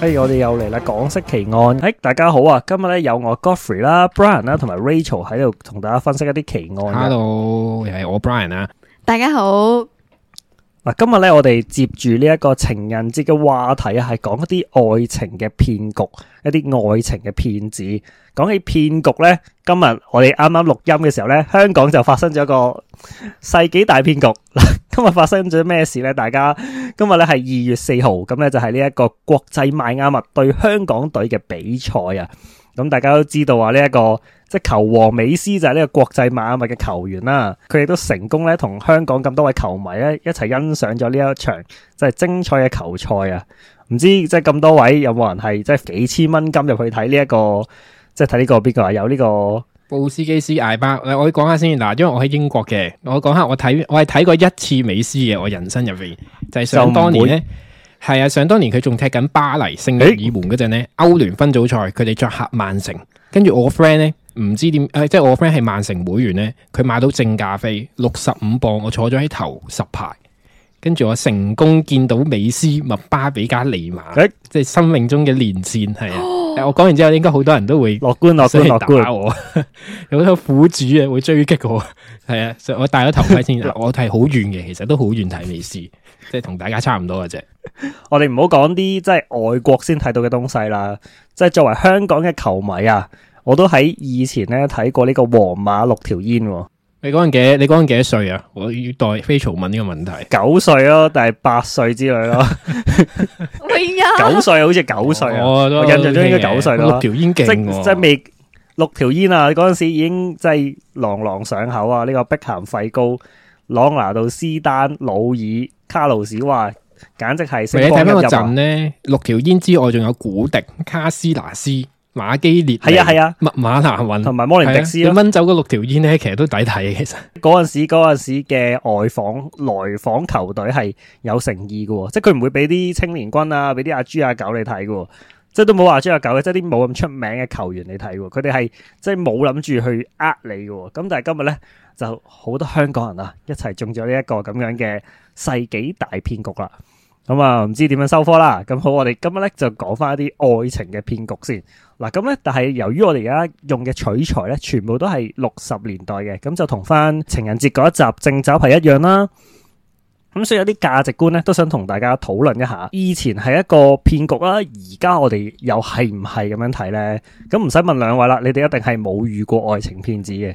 哎，hey, 我哋又嚟啦！港識奇案，哎、hey，大家好啊！今日咧有我 Godfrey 啦、Brian 啦，同埋 Rachel 喺度同大家分析一啲奇案嘅。Hello，又係我 Brian 啊！大家好。嗱，今日咧，我哋接住呢一個情人節嘅話題啊，係講一啲愛情嘅騙局，一啲愛情嘅騙子。講起騙局咧，今日我哋啱啱錄音嘅時候咧，香港就發生咗一個世紀大騙局。嗱，今日發生咗咩事咧？大家今日咧係二月四號，咁咧就係呢一個國際邁阿密對香港隊嘅比賽啊。咁大家都知道啊，呢一個。即係球王美斯就係呢個國際馬術嘅球員啦，啊，佢哋都成功咧同香港咁多位球迷咧一齊欣賞咗呢一場就係精彩嘅球賽啊！唔知即係咁多位有冇人係即係幾千蚊噉入去睇呢一個即係睇呢個邊個啊？有呢、呢個布斯基斯艾巴，我講下先嗱，因為我喺英國嘅，我講下我睇我係睇過一次美斯嘅，我人生入面就係、是、想當年呢係啊，想當年佢仲踢緊巴黎聖日耳門嗰陣呢，歐聯分組賽佢哋作客曼城，跟住我 friend 咧。唔知點誒，即係我 friend 係曼城會員咧，佢買到正價飛六十五磅，我坐咗喺頭十排，跟住我成功見到美斯、麥巴比、加尼馬，欸、即係生命中嘅連線係啊！ 我講完之後，應該好多人都會樂觀、樂觀、樂觀，我有好多苦主啊，會追擊我。係啊，我戴咗頭盔先，我係好遠嘅，其實都好遠睇美斯，即係同大家差唔多嘅啫。 我哋唔好講啲即係外國先睇到嘅東西啦，即係作為香港嘅球迷啊！我都喺以前咧睇過呢個皇馬六條煙。你陣幾？你嗰陣幾多歲啊？我要代非曹 c 問呢個問題。九歲咯，但係八歲之類咯。 九歲好似九歲啊！哦哦、我印象中應該九歲咯。六條煙勁，即未六條煙啊！嗰陣時已經即係朗朗上口啊！呢、這個碧咸費高、朗拿度、斯丹魯爾、卡路士哇，簡直係、啊。你睇翻個陣咧，六條煙之外仲有古迪、卡斯拿斯。馬基列係啊係啊，墨、啊、馬難運，同埋摩連迪斯，啊、你掹走嗰六條煙咧，其實都抵睇。其實嗰陣時，嗰陣時嘅外訪、來訪球隊係有誠意嘅，即係佢唔會俾啲青年軍啊，俾啲阿豬阿狗你睇嘅，即係都冇阿豬阿狗嘅，即係啲冇咁出名嘅球員你睇嘅，佢哋係即係冇諗住去呃你嘅。咁但係今日咧，就好多香港人啊，一齊中咗呢一個咁樣嘅世紀大騙局啦。咁啊，唔、嗯、知點樣收科啦。咁好，我哋今日咧就講翻一啲愛情嘅騙局先嗱。咁、啊、咧，但係由於我哋而家用嘅取材咧，全部都係六十年代嘅，咁就同翻情人節嗰一集正走係一樣啦。咁所以有啲價值觀咧，都想同大家討論一下。以前係一個騙局啦，而家我哋又係唔係咁樣睇呢？咁唔使問兩位啦，你哋一定係冇遇過愛情騙子嘅。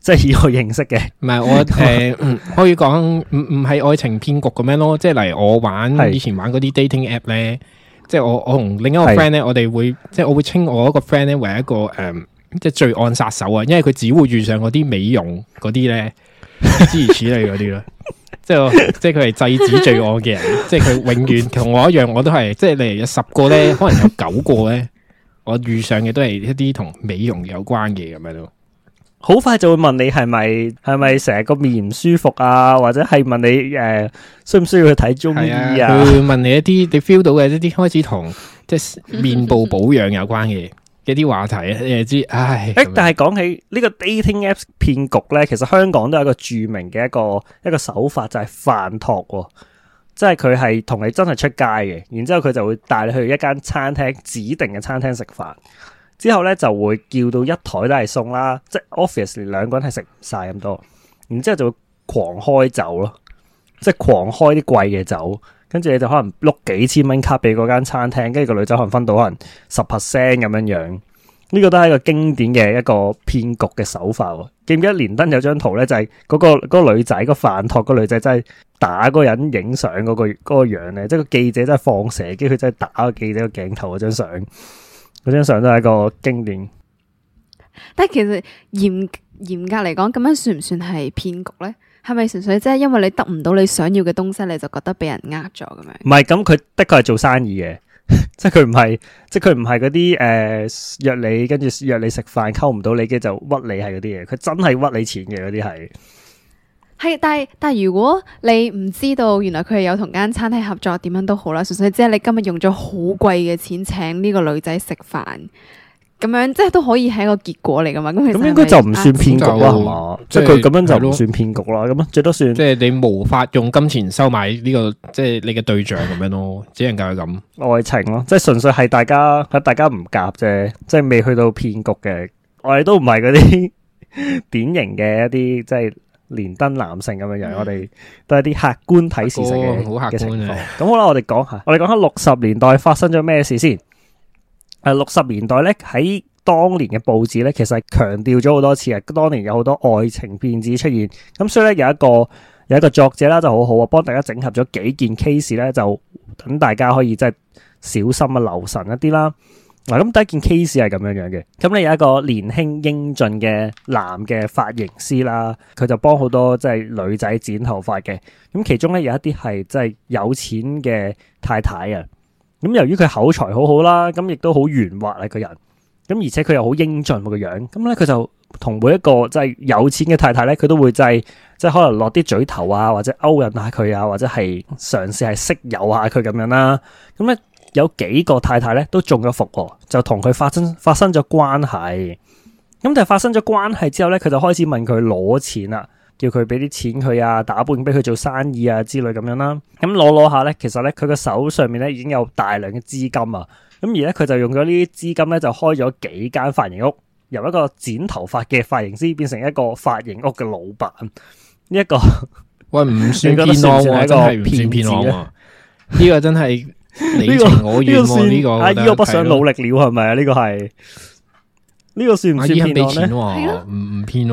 即係以我認識嘅， 唔係我誒，可以講唔唔係愛情騙局咁樣咯。即係例如我玩以前玩嗰啲 dating app 咧，是即係我我同另一個 friend 咧，我哋會即係我會稱我一個 friend 咧為一個誒、呃，即係罪案殺手啊。因為佢只會遇上嗰啲美容嗰啲咧，諸如此類嗰啲咯。即係即係佢係制止罪案嘅人， 即係佢永遠同我一樣，我都係即係例如有十個咧，可能有九個咧，我遇上嘅都係一啲同美容有關嘅咁樣咯。好快就會問你係咪係咪成日個面唔舒服啊？或者係問你誒、呃，需唔需要去睇中醫啊？佢、啊、問你一啲你 feel 到嘅一啲開始同即係面部保養有關嘅 一啲話題。你知唉。係咪但係講起呢個 dating apps 騙局呢，其實香港都有一個著名嘅一個一個手法就係飯托，即係佢係同你真係出街嘅，然之後佢就會帶你去一間餐廳指定嘅餐廳食飯。之後咧就會叫到一台都係送啦，即係 office 兩個人係食唔晒咁多，然之後就會狂開酒咯，即係狂開啲貴嘅酒，跟住你就可能碌幾千蚊卡俾嗰間餐廳，跟住個女仔可能分到可能十 percent 咁樣樣，呢、呢個都係一個經典嘅一個騙局嘅手法喎。記唔記得連登有張圖咧，就係、係、嗰、嗰個、嗰個女仔、嗰個飯托個女仔真係打嗰人影相嗰個嗰、嗰個樣咧，即係個記者真係放蛇機，佢真係打個記者個鏡頭嗰張相。嗰張相都係一個經典，但係其實嚴嚴格嚟講，咁樣算唔算係騙局呢？係咪純粹即係因為你得唔到你想要嘅東西，你就覺得俾人呃咗咁樣？唔係，咁佢的確係做生意嘅，即係佢唔係，即係佢唔係嗰啲誒約你，跟住約你食飯，溝唔到你嘅就屈你係嗰啲嘢，佢真係屈你錢嘅嗰啲係。係，但係但係，如果你唔知道，原來佢係有同間餐廳合作，點樣都好啦。純粹即係你今日用咗好貴嘅錢請呢個女仔食飯，咁樣即係都可以係一個結果嚟噶嘛。咁咁應該就唔算騙局啦，係嘛就，吧即係佢咁樣就唔算騙局啦。咁啊的，最多算即係你無法用金錢收買呢個，即係你嘅對象咁樣咯，只能夠係咁愛情咯，即係純粹係大家，大家唔夾啫，即係未去到騙局嘅。我哋都唔係嗰啲典型嘅一啲，即係。連登男性咁樣，因我哋都係啲客觀睇事情嘅嘅情況。咁好啦，我哋講下，我哋講下六十年代發生咗咩事先。誒，六十年代咧，喺當年嘅報紙咧，其實係強調咗好多次啊。當年有好多愛情騙子出現，咁所以咧有一個有一個作者啦，就好好啊，幫大家整合咗幾件 case 咧，就等大家可以即係小心啊，留神一啲啦。嗱，咁第一件 case 係咁樣樣嘅，咁咧有一個年輕英俊嘅男嘅髮型師啦，佢就幫好多即係女仔剪頭髮嘅。咁其中咧有一啲係即係有錢嘅太太啊。咁由於佢口才好好啦，咁亦都好圓滑啊個人。咁而且佢又好英俊個樣，咁咧佢就同每一個即係有錢嘅太太咧，佢都會即係即係可能落啲嘴頭啊，或者勾引下佢啊，或者係嘗試係色誘下佢咁樣啦。咁咧。有幾個太太咧都中咗伏，就同佢發生發生咗關係。咁但係發生咗關係之後咧，佢就開始問佢攞錢啦，叫佢俾啲錢佢啊，打半俾佢做生意啊之類咁樣啦。咁攞攞下咧，其實咧佢個手上面咧已經有大量嘅資金啊。咁而咧佢就用咗呢啲資金咧就開咗幾間髮型屋，由一個剪頭髮嘅髮型師變成一個髮型屋嘅老闆。呢、這個啊、 一個喂唔算騙佬啊，真係唔算騙佬啊。呢個真係。 你情我願呢、啊、個啊呢個不想努力了，係咪啊呢個係呢個算唔算騙案咧？唔唔、啊、騙、騙，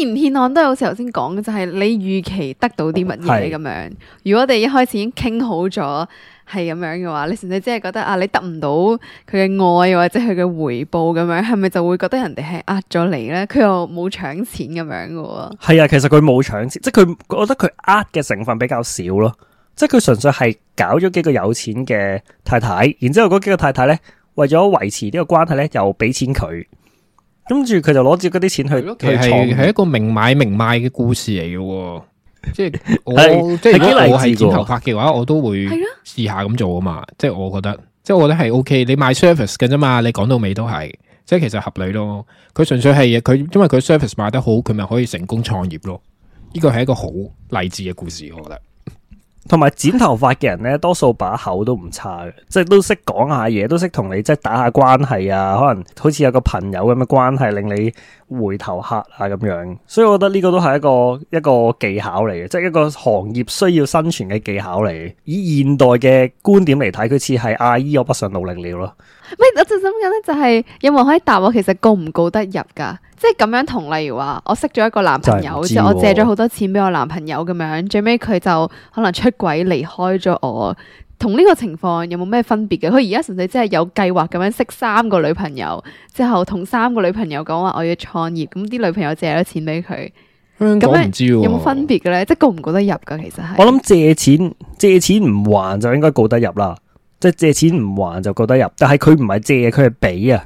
騙唔騙案都有時頭先講嘅就係、是、你預期得到啲乜嘢咁樣。是如果我哋一開始已經傾好咗係咁樣嘅話，你使唔使只係覺得啊你得唔到佢嘅愛或者佢嘅回報咁樣？係咪就會覺得人哋係呃咗你咧？佢又冇搶錢咁樣嘅喎？係啊，其實佢冇搶錢，即係佢覺得佢呃嘅成分比較少咯。即係佢純粹係搞咗幾個有錢嘅太太，然之後嗰幾個太太咧，為咗維持呢個關係咧，又俾錢佢，跟住佢就攞住嗰啲錢去。如果佢係一個明買明賣嘅故事嚟嘅，哦，即係我 是即係如果我係剪頭髮嘅話，的我都會試下咁做啊嘛。的即係我覺得，即係我覺得係 OK。你賣 service 嘅啫嘛，你講到尾都係，即係其實合理咯。佢純粹係佢因為佢 service 賣得好，佢咪可以成功創業咯。呢個係一個好勵志嘅故事，我覺得。同埋剪頭髮嘅人呢，多數把口都唔差嘅，即係都識講下嘢，都識同你即係打下關係啊，可能好似有個朋友咁嘅關係，令你。回頭客啊咁樣，所以我覺得呢個都係一個一個技巧嚟嘅，即係一個行業需要生存嘅技巧嚟。以現代嘅觀點嚟睇，佢似係阿姨，我不想努力了咯。喂，我就想咁咧，就係有冇可以答我，其實告唔告得入噶？即係咁樣同，例如話我識咗一個男朋友之後，我借咗好多錢俾我男朋友咁樣，最尾佢就可能出軌離開咗我。同呢個情況有冇咩分別嘅？佢而家純粹真係有計劃咁樣識三個女朋友，之後同三個女朋友講話我要創業，咁啲女朋友借咗錢俾佢。咁唔知有冇分別嘅呢？即係告唔告得入㗎其實係？我諗借錢借錢唔還就應該告得入啦，即係借錢唔還就告得入，但係佢唔係借，佢係俾啊。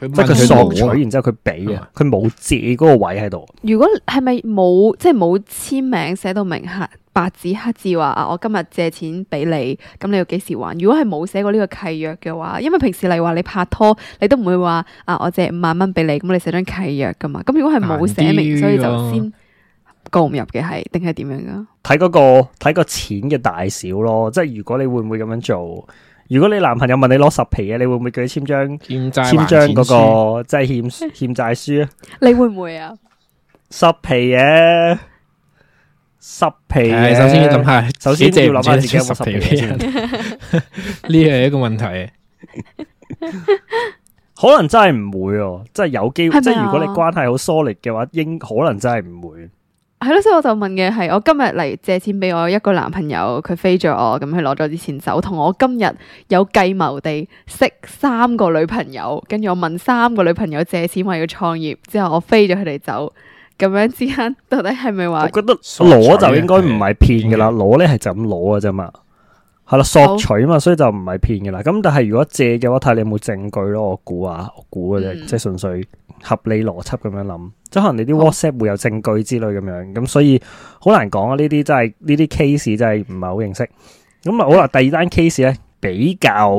即係佢索取，然之後佢俾啊，佢冇借嗰個位喺度。如果係咪冇，即係冇簽名寫到明黑白紙黑字話啊，我今日借錢俾你，咁你要幾時還？如果係冇寫過呢個契約嘅話，因為平時例如話你拍拖，你都唔會話啊，我借五萬蚊俾你，咁你寫張契約噶嘛？咁如果係冇寫明，啊、所以就先告唔入嘅係，定係點樣噶？睇嗰、個睇個錢嘅大小咯，即係如果你會唔會咁樣做？如果你男朋友問你攞十皮嘢，你會唔會叫佢簽張簽張嗰個即係欠欠債書？那個、書 你會唔會啊？十皮嘢，十皮。首先諗下，首先要諗翻自己有十皮先。呢係一個問題，可能真係唔會喎。即係有機會，即係如果你關係好 solid 嘅話，應可能真係唔會。係咯，所以我就問嘅係，我今日嚟借錢俾我一個男朋友，佢飛咗我，咁佢攞咗啲錢走，同我今日有計謀地識三個女朋友，跟住我問三個女朋友借錢，話要創業，之後我飛咗佢哋走，咁樣之間到底係咪話？我覺得攞就應該唔係騙噶啦，攞咧係就咁攞噶，咋嘛？係啦，索取嘛，所以就唔係騙嘅啦。咁但係如果借嘅話，睇你有冇證據咯。我估下、啊，我估嘅啫，嗯、即係純粹合理邏輯咁樣諗。即係可能你啲 WhatsApp 會有證據之類咁樣，咁、嗯、所以好難講啊。呢啲真係呢啲 case 真係唔係好認識。咁啊，我話第二單 case 咧比較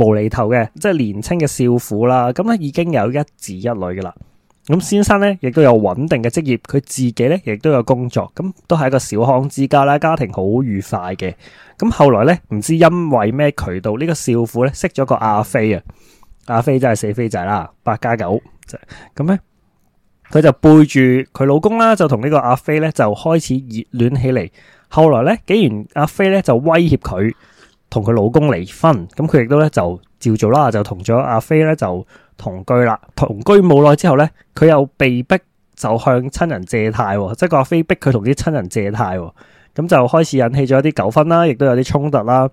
無厘頭嘅，即係年青嘅少婦啦。咁咧已經有一子一女噶啦。咁先生咧，亦都有穩定嘅職業，佢自己咧，亦都有工作，咁都係一個小康之家啦，家庭好愉快嘅。咁後來咧，唔知因為咩渠道，呢個少婦咧識咗個阿飛啊，阿飛真係死飛仔啦，八加九，咁咧，佢就背住佢老公啦，就同呢個阿飛咧就開始熱戀起嚟。後來咧，既然阿飛咧就威脅佢同佢老公離婚，咁佢亦都咧就。照做啦，就同咗阿飛咧就同居啦。同居冇耐之後咧，佢又被迫就向親人借貸、哦，即係個阿飛逼佢同啲親人借貸、哦，咁、嗯、就開始引起咗一啲糾紛啦，亦都有啲衝突啦。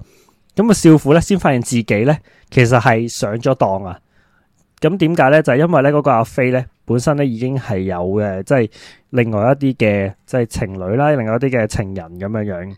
咁、嗯、啊，少婦咧先發現自己咧，其實係上咗當啊。咁點解咧？就係、是、因為咧，嗰個阿飛咧本身咧已經係有嘅，即、就、係、是、另外一啲嘅即係情侶啦，另外一啲嘅情人咁樣樣。咁、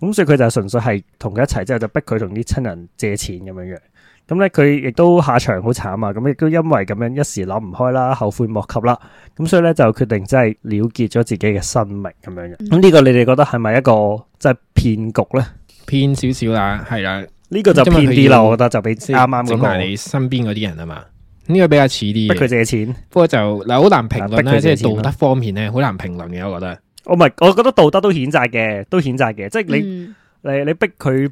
嗯、所以佢就純粹係同佢一齊之後，就逼佢同啲親人借錢咁樣樣。咁咧，佢亦都下場好慘啊！咁亦都因為咁樣一時諗唔開啦，後悔莫及啦。咁所以咧就決定真係了結咗自己嘅生命咁樣嘅。咁、這、呢個你哋覺得係咪一個即係騙局咧？騙少少啦，係啦，呢個就騙啲啦。我覺得就比啱啱嗰個，整埋你身邊嗰啲人啊嘛，呢個比較似啲。逼佢借錢，不過就嗱好難評論咧，即係道德方面咧，好難評論嘅。我覺得，我唔係，我覺得道德都譴責嘅，都譴責嘅。嗯、即係你，你你逼佢。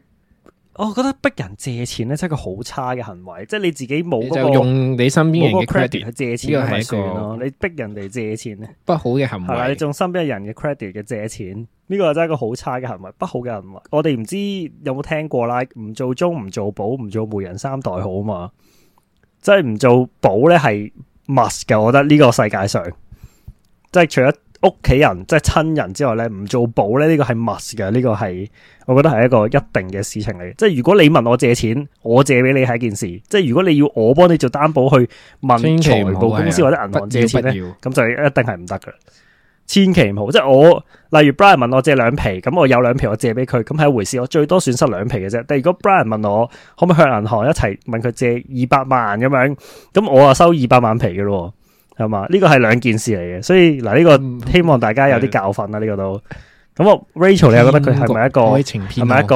我覺得逼人借錢咧，真係一個好差嘅行為。即係你自己冇嗰、那個、用你身邊人嘅 credit 去借錢，係算咯，你逼人哋借錢咧，不好嘅行為。你仲身邊人嘅 credit 嘅借錢，呢、這個真係一個好差嘅行為，不好嘅行為。我哋唔知有冇聽過啦，唔做中唔做保唔做媒人三代好嘛？即係唔做保咧係 must 嘅，我覺得呢個世界上，即係除咗。屋企人即係親人之外咧，唔做保咧，呢、這個係 must 嘅，呢、這個係我覺得係一個一定嘅事情嚟。即係如果你問我借錢，我借俾你係一件事；，即係如果你要我幫你做擔保去問財務公司或者銀行、啊、不借錢咧，咁就一定係唔得㗎。千祈唔好。即係我例如 Brian 問我借兩皮，咁我有兩皮，我借俾佢，咁係一回事。我最多損失兩皮嘅啫。但係如果 Brian 問我可唔可以向銀行一齊問佢借二百萬咁樣，咁我啊收二百萬皮嘅咯。係嘛？呢個係兩件事嚟嘅，所以嗱呢、這個希望大家有啲教訓啦。呢、嗯、個都咁、嗯、我 Rachel，你又覺得佢係咪一個愛情騙係咪一個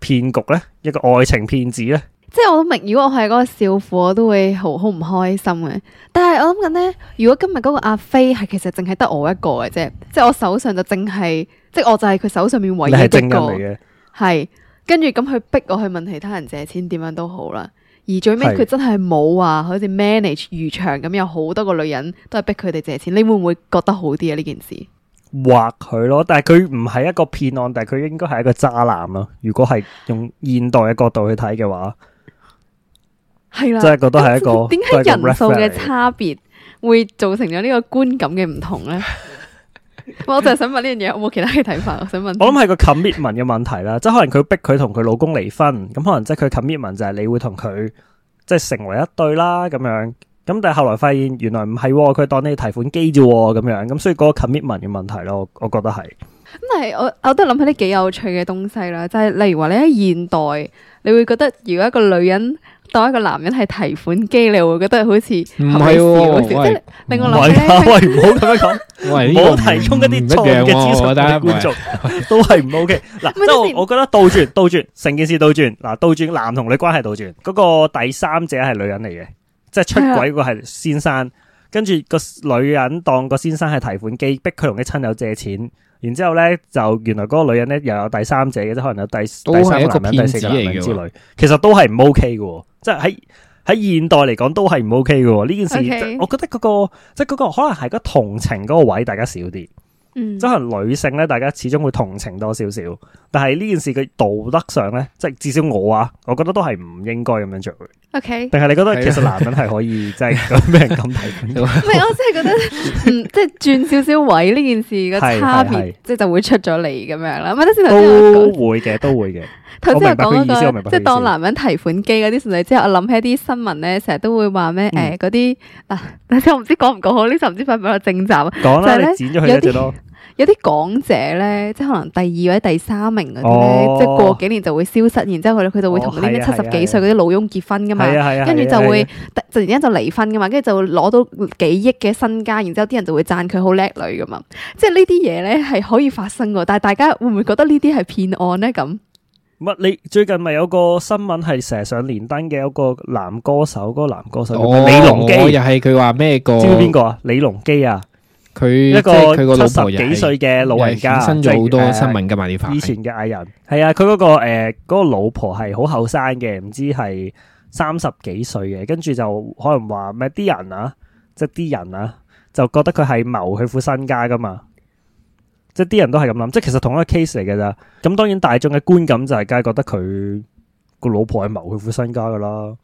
騙局呢？一個愛情騙子呢？即係我都明，如果我係嗰個少婦，我都會好好唔開心嘅。但係我諗緊呢，如果今日嗰個阿飛係其實淨係得我一個嘅啫，即係我手上就淨係，即係我就係佢手上面唯一一個係，係跟住咁去逼我去問其他人借錢，點樣都好啦。而最尾佢真係冇話好似 manage 漁場咁，有好多個女人都係逼佢哋借錢，你會唔會覺得好啲啊？呢件事，或佢咯，但係佢唔係一個騙案，但係佢應該係一個渣男咯。如果係用現代嘅角度去睇嘅話，係啦的，即係覺得係一個點解人數嘅差別會造成咗呢個觀感嘅唔同呢？ 我就係想問呢樣嘢，有冇其他嘅睇法，我想問。 我諗係個 commitment 嘅問題啦，即係可能佢逼佢同佢老公離婚，咁可能即係佢 commitment 就係你會同佢即係成為一對啦，咁樣，咁但係後來發現原來唔係，佢當你提款機啫，咁樣，咁所以嗰個 commitment 嘅問題咯，我我覺得係。咁但係我我都諗起啲幾有趣嘅東西啦，就係、是、例如話你喺現代，你會覺得如果一個女人。當一個男人係提款機，你會覺得好似唔係喎，即係另外諗咧。喂，唔好咁樣講，唔好提供一啲錯嘅資訊。啲觀眾都係唔 OK 嗱，即係我覺得倒轉，倒轉成件事倒轉嗱，倒轉男同女關係倒轉，嗰個第三者係女人嚟嘅，即係出軌嗰個係先生，跟住個女人當個先生係提款機，逼佢同啲親友借錢，然之後咧就原來嗰個女人咧又有第三者嘅，即係可能有第第三個男人、第四個之類，其實都係唔 OK 嘅。即係喺喺現代嚟講都係唔 OK 嘅呢件事，我覺得嗰、嗰個 Okay. 即係個可能係個同情嗰個位，大家少啲。即係、嗯、女性咧，大家始終會同情多少少。但係呢件事嘅道德上咧，即係至少我啊，我覺得都係唔應該咁樣做嘅。OK，定係你覺得其實男人係可以即係俾人咁睇？唔係，我真係覺得，即係轉少少位呢件事嘅差別，即係就會出咗嚟咁樣啦。咁啊， 頭先都會嘅，都會嘅。 頭先我講一個，即係當男人提款機嗰啲，然之後我諗起啲新聞咧，成日都會話咩誒，嗰啲嗱，頭、欸啊、我唔知講唔講好，呢就唔知翻唔翻到正集。講啦吧，就呢你有啲港姐咧，即係可能第二或者第三名嗰啲咧，哦、即係過幾年就會消失，然之後佢佢就會同嗰啲咩七十幾歲嗰啲老翁結婚噶嘛，跟住、哦、就會突然間就離婚噶嘛，跟住就攞到幾億嘅身家，然之後啲人就會讚佢好叻女噶嘛。即係呢啲嘢咧係可以發生噶，但係大家會唔會覺得騙呢啲係騙案咧咁？乜你最近咪有個新聞係成日上連登嘅，有個男歌手，嗰、那個男歌手叫、哦、李龍基，又係佢話咩個？知唔知邊個啊？李龍基啊，佢他一個七十幾歲嘅老人家，新咗好多新聞噶嘛呢排？以前嘅藝人係啊，佢嗰、那個誒、啊那個老婆係好後生嘅，唔知係三十幾歲嘅，跟住就可能話咩啲人啊，即係啲人啊，就覺得佢係謀佢副身家噶嘛。即係啲人都係咁諗，即係其實同一個 case 嚟嘅咋。咁當然大眾嘅觀感就係梗係覺得佢個老婆係謀佢副身家噶啦。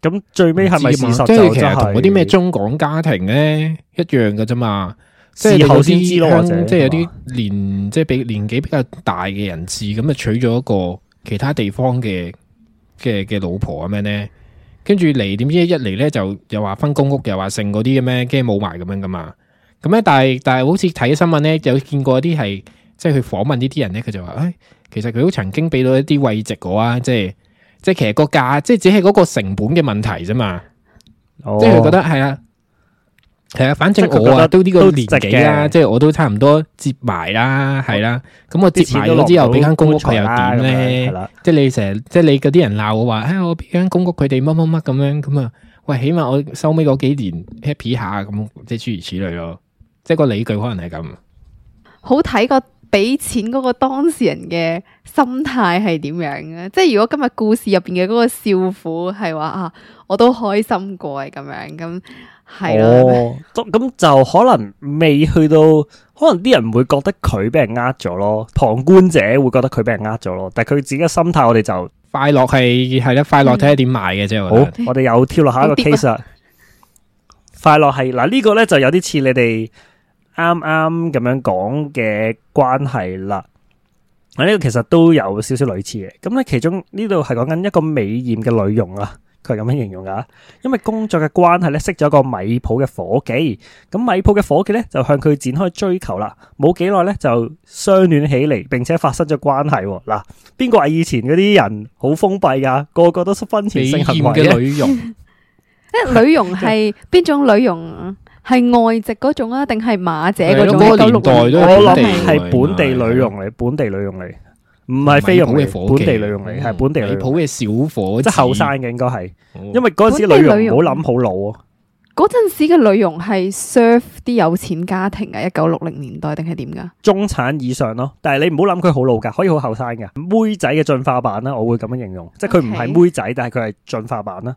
咁最尾係咪事實就係同嗰啲咩中港家庭咧一樣嘅啫嘛？即係後先知咯，即係有啲年嗎即係比年紀比較大嘅人士，咁啊娶咗一個其他地方嘅嘅嘅老婆咁樣咧，跟住嚟點知一嚟咧就又話分公屋，又話剩嗰啲嘅咩，驚冇埋咁樣噶嘛？咁咧，但係但係，好似睇新聞咧，有見過一啲係即係去訪問呢啲人咧，佢就話：，誒、哎，其實佢都曾經俾到一啲慰藉我啊，即係即係其實個價，即係只係嗰個成本嘅問題啫嘛。哦、即係佢覺得係啊，係啊，反正我都呢個年紀啦，即係我都差唔多接埋我啦，係啦。咁我接埋咗之後，俾間公屋佢又點咧，哦？即係你成日，即係你嗰啲人鬧我話：，誒，我俾間公屋佢哋乜乜乜咁樣咁啊？喂，起碼我收尾嗰幾年 happy 下咁，即係諸如此類咯。即係個理據可能係咁，好睇過俾錢嗰個當事人嘅心態係點樣嘅？即係如果今日故事入邊嘅嗰個少婦係話啊，我都開心過係咁樣，咁係咯。咁、哦的哦、就可能未去到，可能啲人唔會覺得佢俾人呃咗咯，旁觀者會覺得佢俾人呃咗咯。但係佢自己嘅心態，我哋就快樂係係咧，快樂睇下點買嘅啫。嗯、好，我哋又跳落下一個 case、欸、啊。快樂係嗱呢個咧就有啲似你哋。啱啱咁樣講嘅關係啦，啊呢個其實都有少少類似嘅，咁咧其中呢度係講緊一個美艷嘅女傭啊，佢係咁樣形容噶因為工作嘅關係咧識咗個米鋪嘅伙計，咁米鋪嘅伙計咧就向佢展開追求啦，冇幾耐咧就相戀起嚟，並且發生咗關係。嗱，邊個係以前嗰啲人好封閉噶個個都出婚前性行為嘅女傭，誒女傭係邊種女傭？係外籍嗰種啊，定係馬姐嗰種？嗰年代都係本地，我諗係本地女傭嚟，本地女傭嚟，唔係菲傭嘅。本地女傭嚟係本地女僕嘅小伙，即係後生嘅應該係。因為嗰陣時女傭唔好諗好老。嗰陣時嘅女傭係 serve 啲有錢家庭啊，一九六零年代定係點噶？中產以上咯，但係你唔好諗佢好老噶，可以好後生嘅妹仔嘅進化版啦，我會咁樣形容，即係佢唔係妹仔，但係佢係進化版啦，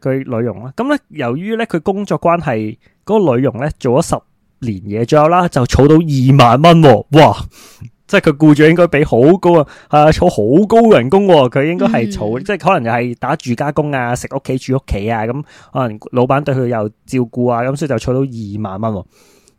佢女傭啦。咁咧，由於咧佢工作關係。嗰個女傭咧做咗十年嘢，最後啦就儲到二萬蚊喎、哦！哇，即係佢僱主應該俾好高啊，啊儲好高人工喎、哦，佢應該係儲，嗯、即係可能又係打住家工啊，食屋企住屋企啊，咁可能老闆對佢又照顧啊，咁所以就儲到二萬蚊、哦。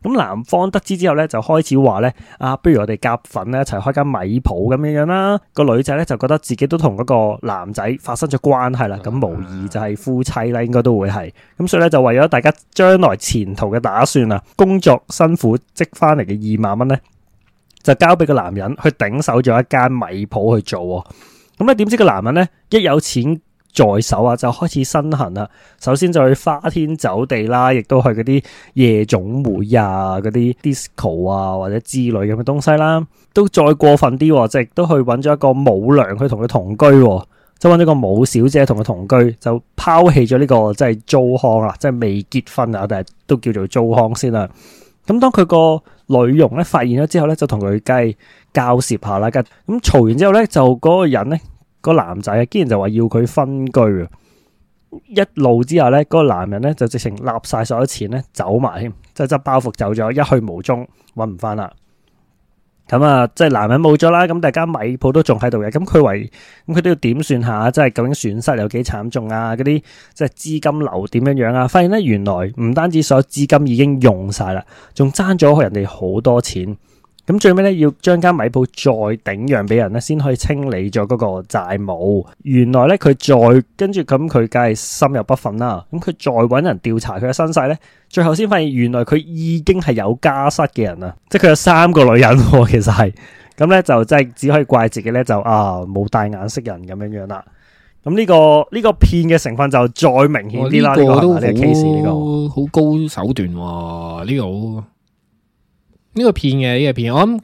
咁男方得知之後咧，就開始話咧啊，不如我哋夾份咧一齊開間米鋪咁樣樣啦。個女仔咧就覺得自己都同嗰個男仔發生咗關係啦，咁無疑就係夫妻啦，應該都會係咁，所以咧就為咗大家將來前途嘅打算啊，工作辛苦積翻嚟嘅二萬蚊咧，就交俾個男人去頂手咗一間米鋪去做。咁、嗯、咧，點知個男人咧一有錢在手啊，就開始身痕啦。首先就去花天酒地啦，亦都去嗰啲夜總會啊，嗰啲 disco 啊，或者之類咁嘅東西啦。都再過分啲、啊，即係都去揾咗一個舞娘，去同佢同居、啊，即係揾咗個舞小姐同佢同居，就拋棄咗呢、這個即係糟糠啦，即係未結婚啊，但係都叫做糟糠先啦。咁當佢個女傭咧發現咗之後咧，就同佢梗係交涉下啦，咁嘈完之後咧，就嗰個人咧。個男仔啊，竟然就話要佢分居啊！一怒之下咧，嗰、那個男人咧就直情立晒所有錢咧走埋添，即係執包袱走咗，一去無蹤，揾唔翻啦。咁、嗯、啊，即係男人冇咗啦，咁大家米鋪都仲喺度嘅，咁佢為咁佢都要點算下，即係究竟損失有幾慘重啊？嗰啲即係資金流點樣樣啊？發現咧，原來唔單止所有資金已經用晒啦，仲爭咗人哋好多錢。咁最尾咧，要將間米鋪再頂讓俾人咧，先可以清理咗嗰個債務。原來咧，佢再跟住咁，佢梗係心有不忿啦。咁佢再搵人調查佢嘅身世咧，最後先發現原來佢已經係有家室嘅人啊！即係佢有三個女人，其實係咁咧，就即係只可以怪自己咧，就啊冇帶眼識人咁樣樣啦。咁呢個呢個騙嘅成分就再明顯啲啦。呢個，哦呢個都好、呢個哦呢個、高手段、啊，呢個。呢個騙嘅呢個騙，我諗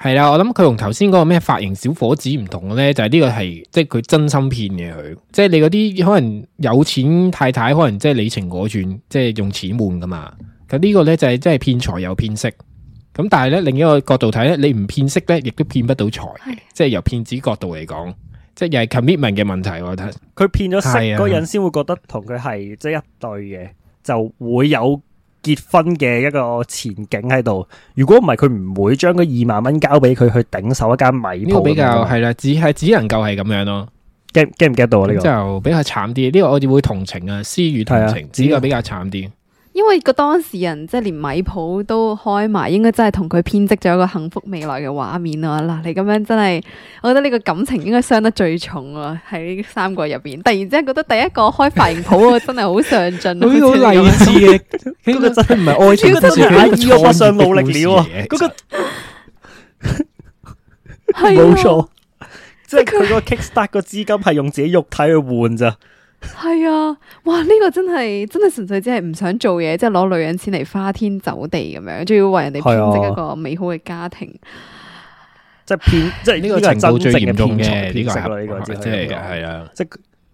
係啦，我諗佢同頭先嗰個咩髮型小伙子唔同嘅呢，就係、是、呢個係即係佢真心騙嘅佢，即係你嗰啲可能有錢太太，可能即係你情我願，即係用錢換噶嘛。咁呢個呢，就係即係騙財又騙色。咁但係呢，另一個角度睇咧，你唔騙色呢，亦都騙不到財。即係由騙子角度嚟講，即係又係 commitment 嘅問題。我覺得，佢騙咗色嗰個人，先會覺得同佢係即係一對嘅，的就會有。結婚嘅一個前景喺度，如果唔係佢唔會將嗰二萬蚊交俾佢去頂守一間米鋪呢個比較係啦樣，只係只能夠係咁樣咯。get 唔 get 到啊？呢個就比較慘啲，呢、這個我哋會同情啊，私語同情，只係的比較慘啲。因為個當事人即係連米鋪都開埋，應該真係同佢編織咗一個幸福未來嘅畫面啊。嗱，你咁樣真係，我覺得呢個感情應該傷得最重啊！喺三個入邊，突然之間覺得第一個開髮型鋪個真係好上進，好好勵志嘅。呢個真係唔係愛情，就算係意欲發上努力了啊！嗰、係啊冇錯，即係佢嗰個 Kickstart 個資金係用自己肉體去換咋。係啊，哇！呢個真係真係純粹只係唔想做嘢，即係攞女人錢嚟花天酒地咁樣，仲要為人哋編織一個美好嘅家庭，即係即係呢個程度最嚴重嘅編造，呢個呢個即係啊，即係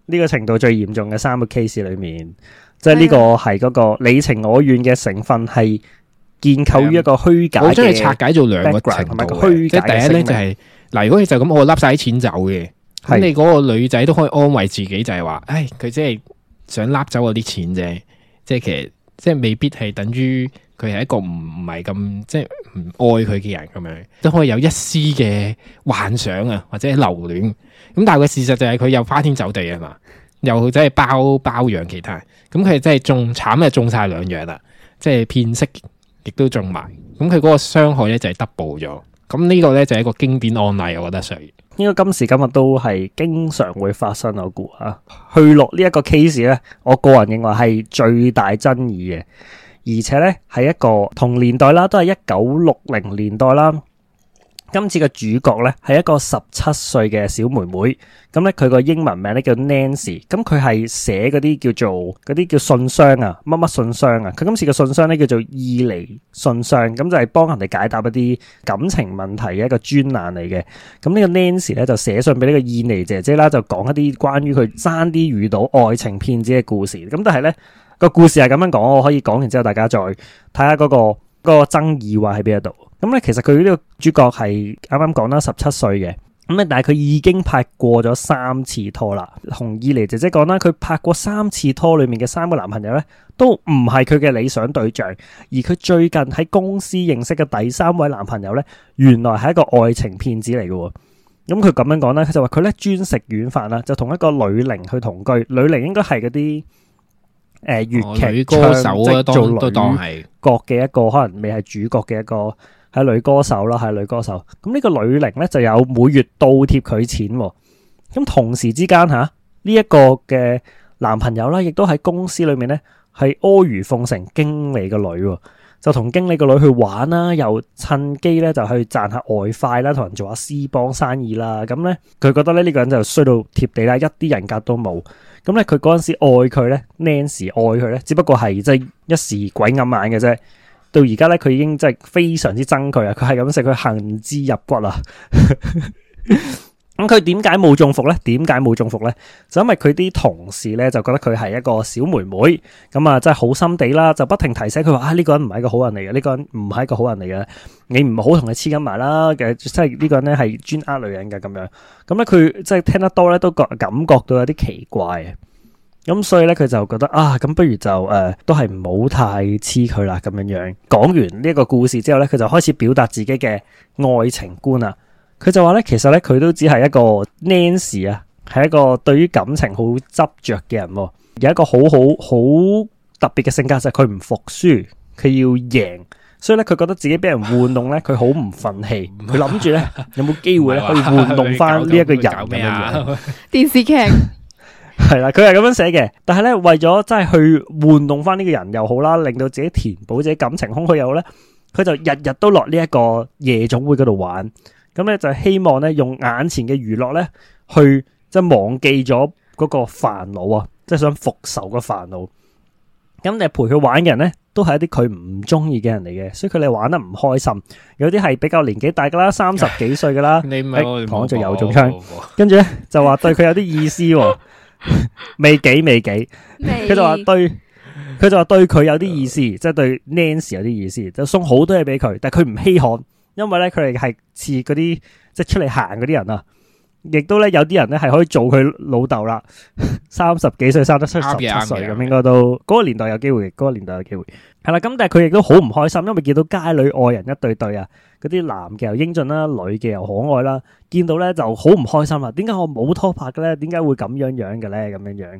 呢個程度最嚴重嘅三個 case 裏面，即係呢個係嗰個你情我願嘅成分係建構於一個虛假嘅，我將佢拆解做兩個程度，同埋個虛假性咧就係嗱，如果你就咁，我撈晒啲錢走嘅。咁你嗰個女仔都可以安慰自己，就係話，誒，佢即係想笠走我啲錢啫，即係其實即係未必係等於佢係一個唔唔係咁即係唔愛佢嘅人咁樣，都可以有一絲嘅幻想啊，或者留戀。咁但係佢事實就係佢又花天酒地啊嘛，又真係包包養其他，咁佢真係仲慘就中晒兩樣啦，即係騙色亦都中埋，咁佢嗰個傷害咧就係 double 咗。咁呢個咧就係一個經典案例，我覺得所應該今時今日都係經常會發生，我估吓去落呢一個 case 咧，我個人認為係最大爭議嘅，而且咧係一個同年代啦，都係一九六零年代啦。今次嘅主角咧，係一個十七歲嘅小妹妹，咁咧佢個英文名咧叫 Nancy，咁佢係寫嗰啲叫做嗰啲叫信箱啊，乜乜信箱啊，佢今次嘅信箱咧叫做二尼信箱，咁就係幫人哋解答一啲感情問題嘅一個專欄嚟嘅。咁呢個 Nancy 咧就寫信俾呢個二尼姐姐啦，就講一啲關於佢爭啲遇到愛情騙子嘅故事。咁但係咧個故事係咁樣講，我可以講完之後大家再睇下嗰個。個爭議話喺邊一度，咁咧其實佢呢個主角係啱啱講啦，十七歲嘅，咁咧但係佢已經拍過咗三次拖啦。同二妮姐姐講啦，佢拍過三次拖裏面嘅三個男朋友咧，都唔係佢嘅理想對象，而佢最近喺公司認識嘅第三位男朋友咧，原來係一個愛情騙子嚟嘅。咁佢咁樣講咧，佢就話佢咧專食軟飯啦，就同一個女伶去同居，女伶應該係嗰啲。誒，粵劇、呃、歌手、啊、即係做女角嘅一個，可能未係主角嘅一個，係女歌手啦，係女歌手。咁呢個女伶咧，就有每月倒貼佢錢。咁同時之間吓呢一個嘅男朋友啦，亦都喺公司裏面咧係阿諛奉承經理嘅女，就同經理個女去玩啦，又趁機咧就去賺下外快啦，同人做下私幫生意啦。咁咧佢覺得咧呢、這個人就衰到貼地啦，一啲人格都冇。咁咧，佢嗰陣時愛佢咧，Nancy 愛佢咧，只不過係即係一時鬼揞眼嘅啫。到而家咧，佢已經即係非常之憎佢啊！佢係咁食佢恨之入骨啦。 咁佢點解冇中伏咧？點解冇中伏咧？就因為佢啲同事咧就覺得佢係一個小妹妹，咁啊，真係好心地啦，就不停提醒佢話，啊呢個人唔係一個好人嚟嘅，呢個人唔係一個好人嚟嘅，你唔好同佢黐緊埋啦。嘅即係呢個人咧係專呃女人嘅咁樣。咁咧佢即係聽得多咧都覺感覺到有啲奇怪。咁所以咧佢就覺得啊，咁不如就誒都係唔好太黐佢啦。咁樣樣講完呢一個故事之後咧，佢就開始表達自己嘅愛情觀啊。佢就話咧，其實咧佢都只係一個 Nancy 啊，係一個對於感情好執着嘅人。有一個好好好特別嘅性格，就係佢唔服輸，佢要贏，所以咧佢覺得自己俾人玩弄咧，佢好唔忿氣。佢諗住咧有冇機會可以玩弄翻呢一個人咁樣樣。電視劇係啦，佢係咁樣寫嘅，但係咧為咗真係去玩弄翻、 啊、呢個人又好啦，令到自己填補自己感情空虛又好咧，佢就日日都落呢一個夜總會嗰度玩。咁咧就希望咧用眼前嘅娛樂咧，去即係忘記咗嗰個煩惱啊，即係想復仇嘅煩惱。咁你陪佢玩嘅人咧，都係一啲佢唔中意嘅人嚟嘅，所以佢哋玩得唔開心。有啲係比較年紀大噶啦，三十幾歲噶啦，唉你唔係講就又中槍。跟住咧就話對佢有啲意思，未幾未幾，佢你 就話對，佢就話對佢有啲意思，即係對 Nancy 有啲意思，就送好多嘢俾佢，但係佢唔稀罕。因為咧，佢哋係似嗰啲即係出嚟行嗰啲人啊，亦都咧有啲人咧係可以做佢老豆啦，三十幾歲生得出十七歲咁，應該都嗰個年代有機會，嗰個年代有機會係啦。咁但係佢亦都好唔開心，因為見到街女愛人一對對啊，嗰啲男嘅又英俊啦，女嘅又可愛啦，見到咧就好唔開心啊！點解我冇拖拍嘅咧？點解會咁樣樣嘅咧？咁樣樣。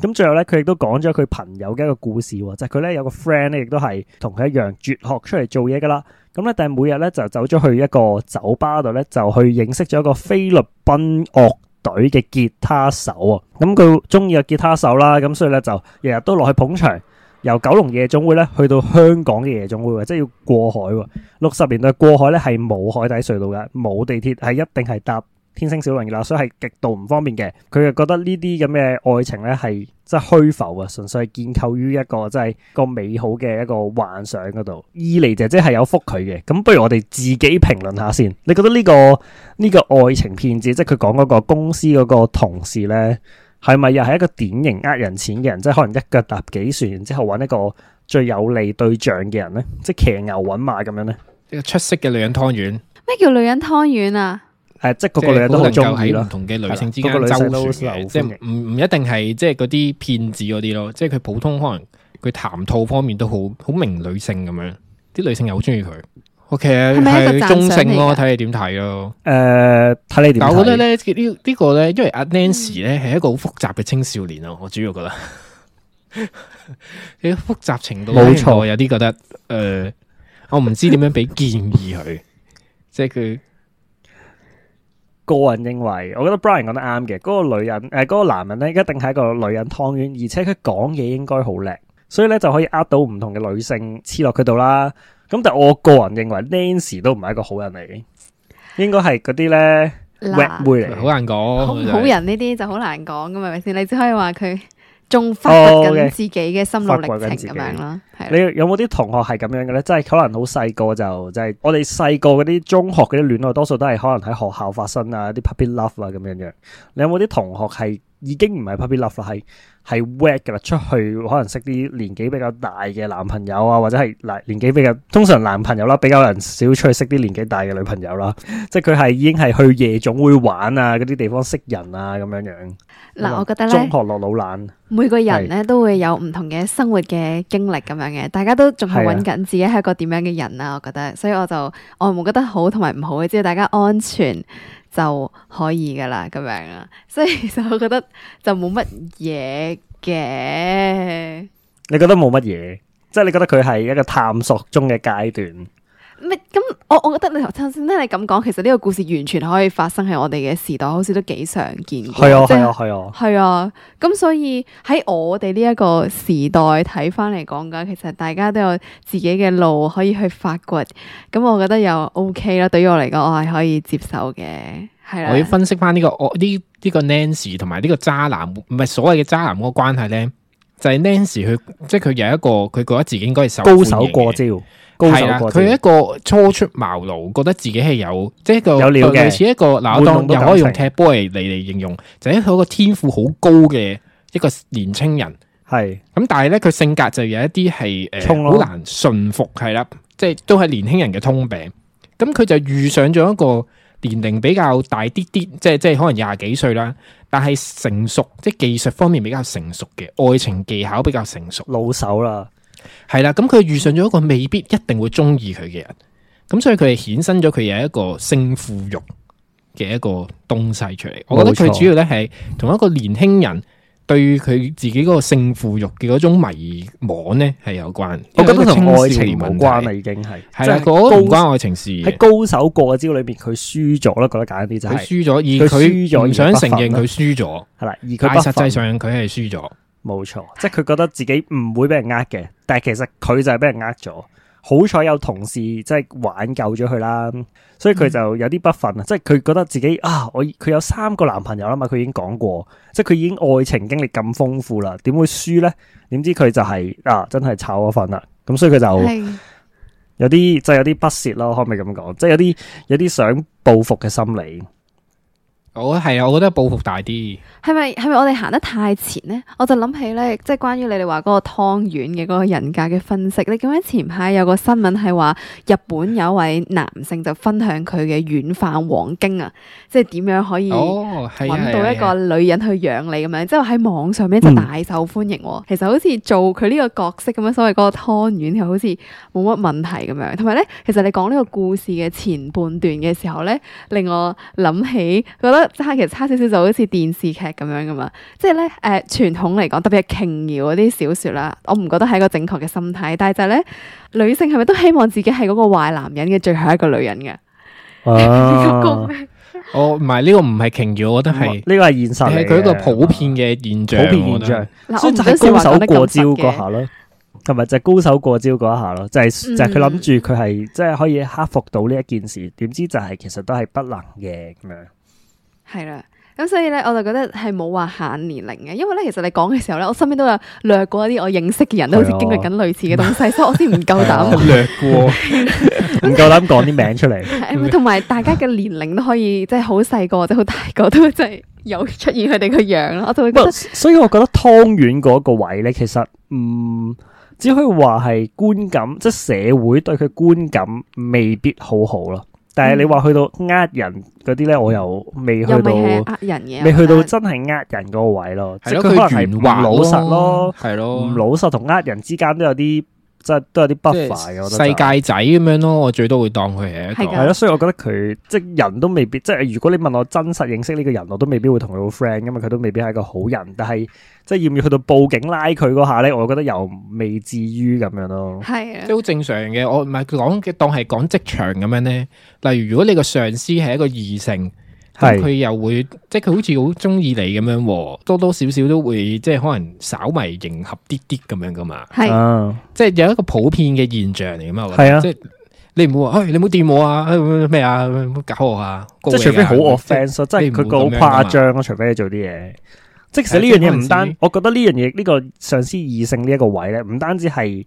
咁最後咧，佢亦都講咗佢朋友嘅一個故事喎，就係佢咧有個 friend 咧，亦都係同佢一樣絕學出嚟做嘢噶啦。咁咧，但係每日咧就走咗去一個酒吧度咧，就去認識咗一個菲律賓樂隊嘅吉他手啊。咁佢中意個吉他手啦，咁所以咧就日日都落去捧場，由九龍夜總會咧去到香港嘅夜總會即係、就是、要過海喎。六十年代過海咧係冇海底隧道㗎，冇地鐵係一定係搭天星小輪嘅啦，所以係極度唔方便嘅。佢又覺得呢啲咁嘅愛情呢係即係虛浮啊，純粹係建構於一個即係個美好嘅一個幻想嗰度。伊妮姐姐係有覆佢嘅，咁不如我哋自己評論下先。你覺得呢個呢個愛情騙子，即係佢講嗰個公司嗰個同事呢，係咪又係一個典型呃人錢嘅人？即係可能一腳踏幾船，然之後揾一個最有利對象嘅人呢？即係騎牛揾馬咁樣呢？呢個出色嘅女人湯圓，咩叫女人湯圓啊？誒，即係個個女人都能夠喺唔同嘅女性之間周旋，即係唔唔一定係即係嗰啲騙子嗰啲咯，即係佢普通可能佢談吐方面都好好明女性咁樣，啲女性又好，okay, 中意佢。O K 啊，中性咯，睇你點睇咯。誒、呃，睇你。我覺得咧呢、這個這個、呢個咧，因為阿 Nancy 咧係一個好複雜嘅青少年啊，我主要覺得佢 複雜程度冇錯，錯有啲覺得誒、呃，我唔知點樣俾建議佢， 即係佢。個人認為，我覺得 Brian 講得啱嘅，嗰、那個女人誒，嗰、呃那個男人咧一定係一個女人湯圓，而且佢講嘢應該好叻，所以咧就可以呃到唔同嘅女性黐落佢度啦。咁但係我個人認為，Nancy 都唔係一個好人嚟嘅，應該係嗰啲咧 rap 妹嚟，好難講，好唔好人呢啲就好難講，咁係咪先？你只可以話佢。仲發掘緊自己嘅心路歷程咁樣啦，係，你有冇啲同學係咁樣嘅咧？即係可能好細個就即係、就是、我哋細個嗰啲中學嘅啲戀愛，多數都係可能喺學校發生啊，啲 puppy love 啊咁樣樣。你有冇啲同學係已經唔係 puppy love 啦？係 wed 嘅啦，出去可能識啲年紀比較大嘅男朋友啊，或者係嗱年紀比較通常男朋友啦，比較人少出去識啲年紀大嘅女朋友啦，即係佢係已經係去夜總會玩啊，嗰啲地方識人啊咁樣樣。嗱嘍，麼我覺得咧，中學落老懶。每個人咧是都會有唔同嘅生活嘅經歷咁樣嘅，大家都仲係搵緊自己係一個點樣嘅人啊。是的 我覺得，所以我就我唔覺得好同埋唔好，只要大家安全。就可以噶啦，咁樣啊，所以其實我覺得就冇乜嘢嘅。你覺得冇乜嘢？即係你覺得佢係一個探索中嘅階段？咁、嗯、我我覺得你頭先聽你咁講，其實呢個故事完全可以發生喺我哋嘅時代，好似都幾常見。係啊，係啊，係啊。係啊，咁所以喺我哋呢一個時代睇翻嚟講，㗎，其實大家都有自己嘅路可以去發掘。咁我覺得又 OK 啦，對於我嚟講，我係可以接受嘅。係啦。我要分析翻、呢、呢個我呢呢、呢個 Nancy 同埋呢個渣男，唔係所謂嘅渣男嗰個關係咧。就係 Nancy，佢即係佢有一個，佢覺得自己應該係高手過招，係啦，佢、啊、一個初出茅廬，覺得自己係有即係個有類似一個嗱，我當又可以用踢波嚟嚟形容，就係、嗯、一個天賦好高嘅一個年青人，係咁是，但係咧佢性格就有一啲係誒好難馴服，係啦，即係都係年輕人嘅通病。咁佢就遇上咗一個。年齡比較大啲啲，即係即係可能廿幾歲啦，但係成熟，即係技術方面比較成熟嘅，愛情技巧比較成熟，老手啦，係啦，咁佢遇上咗一個未必一定會中意佢嘅人，咁所以佢係衍生咗佢有一個勝負欲嘅一個東西出嚟。我覺得佢主要咧係同一個年輕人，對佢自己嗰個勝負欲嘅嗰種迷惘呢，係有關。我覺得同愛情無關啦，已經係。即係我唔關愛情事。喺高手過招裏邊，佢輸咗咯，覺得簡單啲就係、是。佢輸咗，而佢唔想承認佢輸咗。係啦，而佢。但係實際上佢係輸咗，冇錯。即係佢覺得自己唔會俾人呃嘅，但係其實佢就係俾人呃咗。好彩有同事即係挽救咗佢啦，所以佢就有啲不忿啊。嗯、即係佢覺得自己啊，我佢有三個男朋友啦嘛，佢已經講過，即係佢已經愛情經歷咁豐富啦，點會輸呢？點知佢就係、是、啊，真係炒咗份啦！咁所以佢就是的 有啲即係有啲不屑咯，可唔可以咁講？即係有啲有啲想報復嘅心理。我係啊，我覺得報復大啲。係咪係咪我哋行得太前咧？我就諗起咧，即係關於你哋話嗰個湯圓嘅嗰個人格嘅分析。你講起前排有個新聞係話，日本有一位男性就分享佢嘅軟飯黃經啊，即係點樣可以揾到一個女人去養你咁樣，哦、即係喺網上面就大受歡迎。嗯、其實好似做佢呢個角色咁樣，所謂嗰個湯圓係好似冇乜問題咁樣。同埋咧，其實你講呢個故事嘅前半段嘅時候咧，令我諗起覺得。真係其實差少少，就好似電視劇咁樣噶嘛。即係咧，誒、呃，傳統嚟講，特別係瓊瑤嗰啲小說啦，我唔覺得係一個正確嘅心態。但係就係咧，女性係咪都希望自己係嗰個壞男人嘅最後一個女人嘅？啊、 哦，我唔係呢個唔係瓊瑤，我覺得係呢個係現實嚟嘅，係佢一個普遍嘅現象，普遍現象。說說就係高手過招嗰下咯，同埋就係高手過招嗰一下咯、嗯，就係、是、就係佢諗住佢係即係可以克服到呢一件事，點知就係其實都係不能嘅咁樣。嗯係啦，咁所以咧，我就覺得係冇話限年齡嘅，因為咧，其實你講嘅時候咧，我身邊都有掠過一啲我認識嘅人都好似經歷緊類似嘅東西，的所以我啲唔夠膽掠過，唔夠膽講啲名出嚟。同埋 大家嘅年齡都可以即係好細個或者好大個都會即係有出現佢哋個樣咯。我就會覺得，But, 所以我覺得湯圓嗰個位咧，其實唔、嗯、只可以話係觀感，即係社會對佢觀感未必好好咯。但係你話去到呃人嗰啲咧，我又未去到，有冇呃人未去到真係呃人嗰個位咯。即佢可能係唔老實咯，係咯的，唔老實同呃人之間都有啲。即係都有啲不快嘅，世界仔咁樣咯，我最多會當佢係一個係咯的，所以我覺得佢即人都未必，即係如果你問我真實認識呢個人，我都未必會同佢好 friend，因為佢都未必係一個好人。但係即係要唔要去到報警拉佢嗰下咧，我覺得又未至於咁樣咯。係啊的，即係好正常嘅。我唔係佢講嘅，當係講職場咁樣咧。例如如果你個上司係一個異性。佢又會即係佢好似好中意你咁樣，多多少少都會即係可能稍微迎合啲啲咁樣噶嘛。係啊，即係有一個普遍嘅現象嚟噶嘛。係啊即，即係你唔會話，哎，你唔好掂我啊，咩啊，搞我啊，啊即係除非好 offensive 即係佢好誇張咯。除非你，啊，你做啲嘢，即係其實呢樣嘢唔單，我覺得呢樣嘢呢個上司異性呢一個位咧，唔單止係。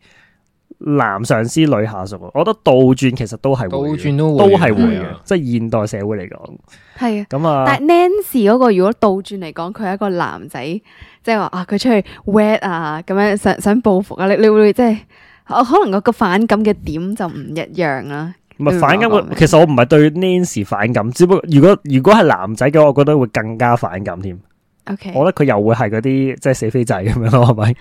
男上司女下屬，我覺得倒轉其實都係會，會，倒轉都都係會嘅，嗯、即係現代社會嚟講係啊。咁啊，但 Nancy 嗰個如果倒轉嚟講，佢係一個男仔，即係話啊，佢出去 wet 啊，咁樣想想報復啊，你你會即係可能嗰個反感嘅點就唔一樣啦。唔係反感，其實我唔係對 Nancy 反感，只不過如果如果係男仔嘅，我覺得會更加反感添。Okay. 我覺得佢又會係嗰啲即係死飛仔咁樣咯，係咪？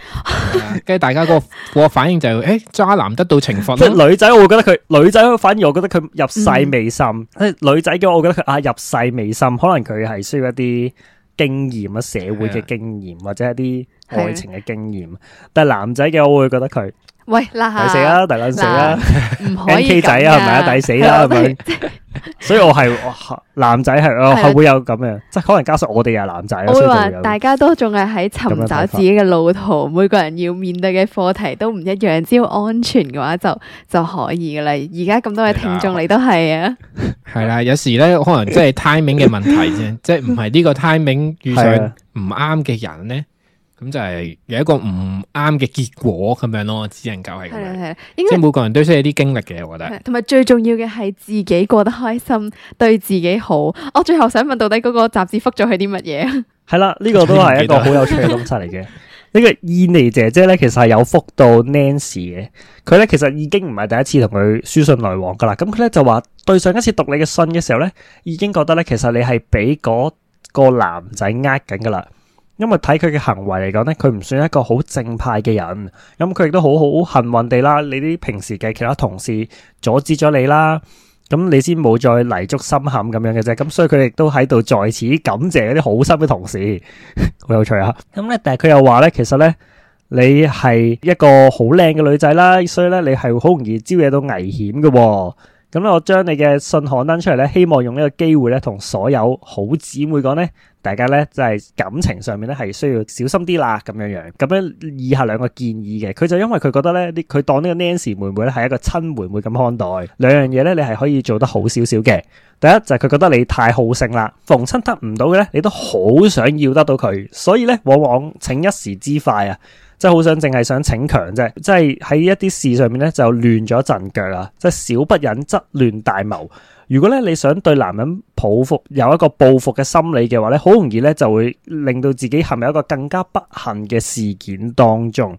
跟住 大家個個反應就誒、是欸，渣男得到懲罰咧。即女仔我會覺得佢，女仔反而我覺得佢入世未深。誒、嗯，即女仔嘅我覺得佢啊入世未深，可能佢係需要一啲經驗啊，社會嘅經驗對或者一啲愛情嘅經驗。對但係男仔嘅我會覺得佢。喂，啦吓，死啦，大卵死啦，唔可以咁，N K 仔啊，係咪啊，抵死啦，係咪？所以我係男仔係，係會有咁嘅，即係可能加上我哋又係男仔。我會話，大家都仲係喺尋找自己嘅路途，每個人要面對嘅課題都唔一樣。只要安全嘅話，就就可以噶啦。而家咁多位聽眾，你都係啊。係啦，有時咧可能即係 timing 嘅問題啫，即係唔係呢個 timing 遇上唔啱嘅人咧。咁、嗯、就係、是、有一個唔啱嘅結果咁樣咯，只能夠係。係啊係啊，即每個人都需要啲經歷嘅，該我覺得。同埋最重要嘅係自己過得開心，對自己好。我、哦、最後想問，到底嗰個雜誌覆咗佢啲乜嘢？係啦、 嗯、呢、這個都係一個好有趣嘅東西嚟嘅。呢 個燕妮姐姐咧，其實係有覆到 Nancy 嘅。佢咧其實已經唔係第一次同佢書信來往噶啦。咁佢咧就話，對上一次讀你嘅信嘅時候咧，已經覺得咧，其實你係俾嗰個男仔呃緊噶啦。因為睇佢嘅行為嚟講呢，佢唔算一個好正派嘅人。咁佢亦都好好幸運地啦，你啲平時嘅其他同事阻止咗你啦，咁你先冇再泥足深陷咁樣嘅啫。咁所以佢亦都喺度在此感謝一啲好心嘅同事，好 有趣啊！咁咧，但係佢又話呢，其實呢，你係一個好靚嘅女仔啦，所以呢，你係好容易招惹到危險嘅。咁我將你嘅信刊登出嚟咧，希望用呢個機會咧，同所有好姊妹講咧，大家咧即係感情上面咧係需要小心啲啦，咁樣樣，咁樣以下兩個建議嘅，佢就因為佢覺得咧，啲佢當呢個 Nancy 妹妹咧係一個親妹妹咁看待，兩樣嘢咧你係可以做得好少少嘅，第一就係佢覺得你太好勝啦，逢親得唔到嘅咧，你都好想要得到佢，所以咧往往請一時之快啊。即係好想淨係想逞強啫，即係喺一啲事上面咧就亂咗陣腳啦。即係小不忍則亂大謀。如果咧你想對男人報復，有一個報復嘅心理嘅話咧，好容易咧就會令到自己陷入一個更加不幸嘅事件當中。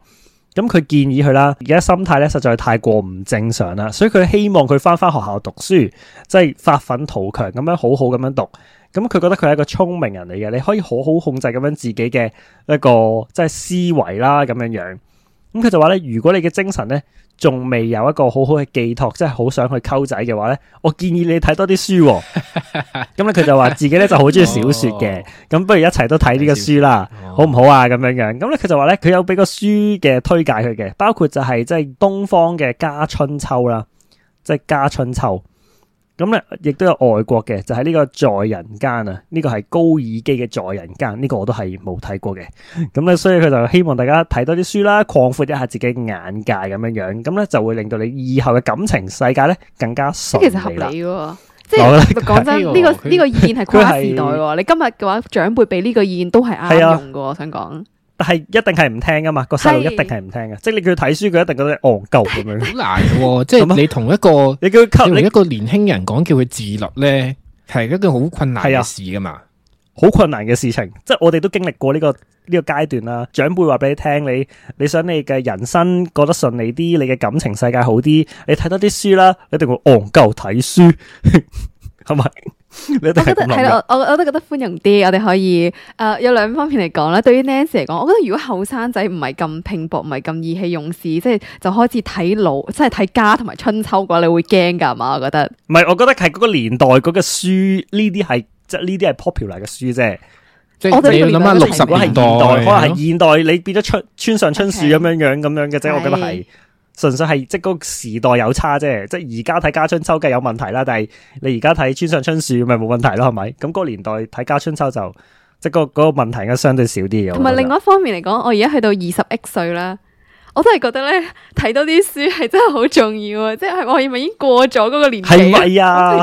咁、嗯、佢建議佢啦，而家心態咧實在係太過唔正常啦，所以佢希望佢翻返學校讀書，即係發奮圖強咁樣好好咁樣讀。咁佢覺得佢係一個聰明人嚟嘅，你可以好好控制咁樣自己嘅一個即係思維啦，咁樣樣。咁佢就話咧，如果你嘅精神咧仲未有一個好好嘅寄託，即係好想去溝仔嘅話咧，我建議你睇多啲書。咁咧佢就話自己咧就好中意小說嘅，咁、 哦、不如一齊都睇呢個書啦，好唔好啊？咁樣樣。咁咧佢就話咧，佢有俾個書嘅推介佢嘅，包括就係即係東方嘅《家春秋》啦，即係《家春秋》。咁咧，亦都有外國嘅，就係、是、呢個在人間啊，呢、這個係高爾基嘅在人間，呢、這個我都係冇睇過嘅。咁咧，所以佢就希望大家睇多啲書啦，擴闊一下自己眼界咁樣樣，咁咧就會令到你以後嘅感情世界咧更加純。其實合理嘅，即係講 真，呢、這個呢 是個意見係跨時代。是你今日嘅話，長輩俾呢個意見都係啱用嘅，我想講。係一定係唔聽噶嘛，個細路一定係唔聽嘅，是即係你叫佢睇書，佢一定覺得戇鳩咁樣。好 難嘅，即係你同一個 你叫佢同一個年輕人講，叫佢自律咧，係一件好困難嘅事噶嘛，好、啊、困難嘅事情。即係我哋都經歷過呢、這個呢、這個階段啦。長輩話俾你聽，你你想你嘅人生過得順利啲，你嘅感情世界好啲，你睇多啲書啦，你一定會戇鳩睇書，係 咪？ 我覺得係我我我都覺得寬容啲，我哋可以誒、呃、有兩方面嚟講啦。對於 Nancy 嚟講，我覺得如果後生仔唔係咁拼搏，唔係咁意氣用事，即、就、係、是、就開始睇老，即係睇家同埋春秋嘅話，你會驚噶係嘛？我覺得唔係，我覺得係嗰個年代嗰即個書呢啲係即係呢啲係 popular 嘅書啫。即係你諗下六十年代，都可能係現代，你變咗出村上春樹咁 Okay. 樣樣咁樣嘅啫。是我覺得係。純粹係即係嗰個時代有差啫，即係而家睇《家春秋》梗係有問題啦，但係你而家睇《村上春樹》咪冇問題咯，係咪？咁嗰個年代睇《家春秋》就即係嗰嗰個問題應該相對少啲嘅。同埋另外一方面嚟講，我而家去到二十億歲啦，我都係覺得咧睇多啲書係真係好重要啊！即係我係咪已經過咗嗰個年代，係咪啊？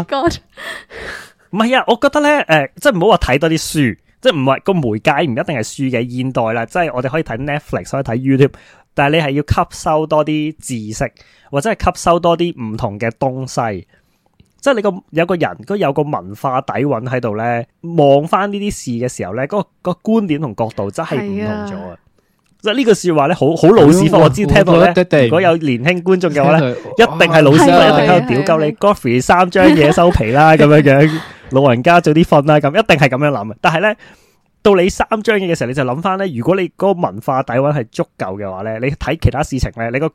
唔係 啊，我覺得咧誒、呃，即係唔好話睇多啲書，即係唔係個媒介唔一定係書嘅，現代啦，即係我哋可以睇 Netflix，可以睇 YouTube。但係你係要吸收多啲知識，或者係吸收多啲唔同嘅東西，即係你個有個人都有個文化底蘊喺度咧，望翻呢啲事嘅時候咧，嗰個個觀點同角度真係唔同咗啊！即係呢句說話咧，好好老屎忽，我知聽到咧，如果有年輕觀眾嘅話咧，一定係老屎忽，一定喺度屌鳩你，Godfrey 三張嘢收皮啦，咁樣樣，老人家早啲瞓啦，咁一定係咁樣諗。但係咧。到你三張嘢嘅時候，你就諗翻咧。如果你嗰文化底蘊係足夠嘅話咧，你睇其他事情咧，你個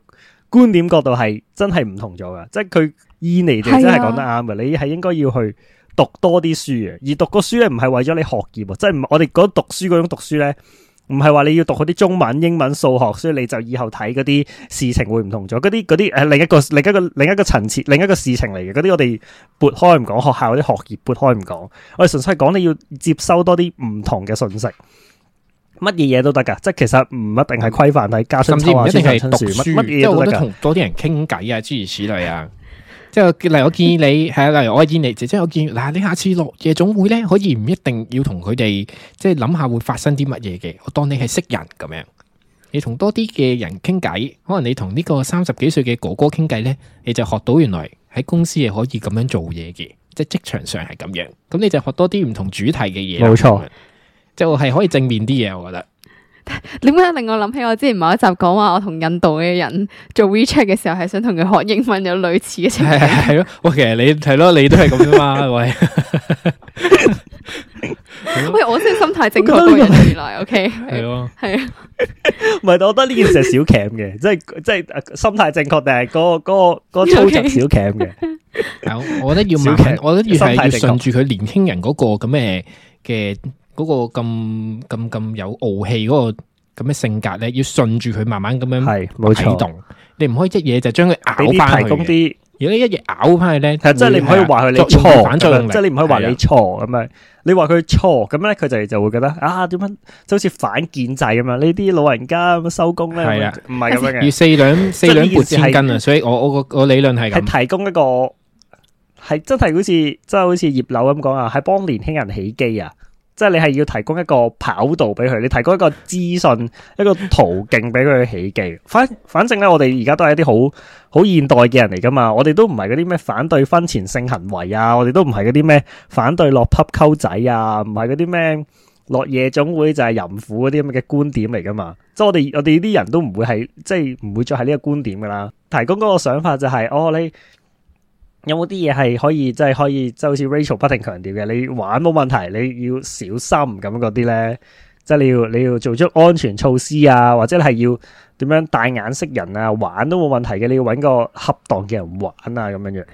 觀點角度係真係唔同咗噶。即係佢伊尼哋真係講得啱嘅，是啊、你係應該要去讀多啲書嘅，而讀個書咧唔係為咗你學業，即係唔我哋講讀書嗰種讀書咧。唔係話你要讀嗰啲中文、英文、數學，所以你就以後睇嗰啲事情會唔同咗。嗰啲嗰啲誒，另一個另一個另一個層次，另一個事情嚟嘅。嗰啲我哋撥開唔講，學校啲學業撥開唔講，我哋純粹係講你要接收多啲唔同嘅信息，乜嘢嘢都得噶。即係其實唔一定係規範，係加深知識，唔一定係讀書，乜嘢都得，同多啲人傾偈啊，諸如此類啊。 即係，例如我建議你係啊，例如我建議你姐姐，我建議嗱，你下次落夜總會咧，可以唔一定要同佢哋，即係諗下會發生啲乜嘢嘅。我當你係識人咁樣，你同多啲嘅人傾偈，可能你同呢個三十幾歲嘅哥哥傾偈咧，你就學到原來喺公司係可以咁樣做嘢嘅，即係職場上係咁樣。咁你就學多啲唔同主題嘅嘢。冇錯，就係可以正面啲嘢，我覺得。點解令我諗起我之前某一集講話我同印度嘅人做 WeChat 嘅時候，係想同佢學英文有類似嘅情況係咯。我其實你係咯，你都係咁噶嘛，喂。喂，我先心態正確過人原來。OK。係咯。係啊。唔係，我覺得呢件事係小鉗嘅，即係即係心態正確定係嗰個嗰個嗰個粗俗小鉗嘅。有，我覺得要小鉗，我覺得要係要順住佢年輕人嗰個咁嘅嘅。嗰個咁咁咁有傲氣嗰個咁嘅性格咧，要順住佢，慢慢咁樣係冇錯。你唔可以一嘢就將佢咬翻嚟嘅。如果一嘢咬翻佢咧，係即係你唔可以話佢你錯，即係你唔可以話你錯咁樣。你話佢錯咁咧，佢就就會覺得啊，點樣就好似反建制咁啊？呢啲老人家咁收工咧，係啊，唔係咁樣嘅。要四兩四兩撥千斤啊，所以我我個我理論係咁係提供一個係真係好似即係好似葉劉咁講啊，係幫年輕人起機啊。即係你係要提供一個跑道俾佢，你提供一個資訊一個途徑俾佢去起勁。反反正咧，我哋而家都係一啲好好現代嘅人嚟噶嘛，我哋都唔係嗰啲咩反對婚前性行為啊，我哋都唔係嗰啲咩反對落吸溝仔啊，唔係嗰啲咩落夜總會就係淫婦嗰啲咁嘅觀點嚟噶嘛。即係我哋我哋啲人都唔會係即係唔會再係呢個觀點噶啦。提供嗰個想法就係，哦，你。有冇啲嘢係可以即係可以即係好似 Rachel 不停強調嘅，你玩冇問題，你要小心咁嗰啲咧，即係你要你要做出安全措施啊，或者係要點樣帶眼識人啊，玩都冇問題嘅，你要搵個恰當嘅人玩啊咁樣嘅。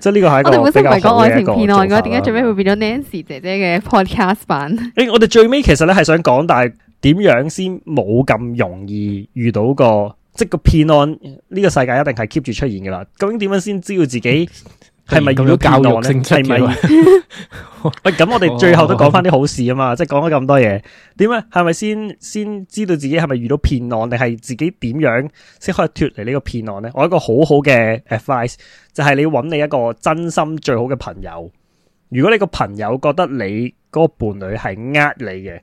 即係呢個係一個比較。我哋本身唔係講愛情片啊，我點解最尾會變咗 Nancy 姐姐嘅 podcast 版？誒，我哋最尾其實咧係想講，但係點樣先冇咁容易遇到個。即個騙案呢個世界一定係 keep 住出現噶啦，究竟點樣先知道自己係咪遇到教養咧？係咪喂？咁我哋最後都講翻啲好事啊嘛，即係講咗咁多嘢，點啊？係咪先先知道自己係咪遇到騙案，定係自己點樣先可以脫離呢個騙案呢？我一個好好嘅 advice 就係你要揾你一個真心最好嘅朋友，如果你個朋友覺得你嗰個伴侶係呃你嘅，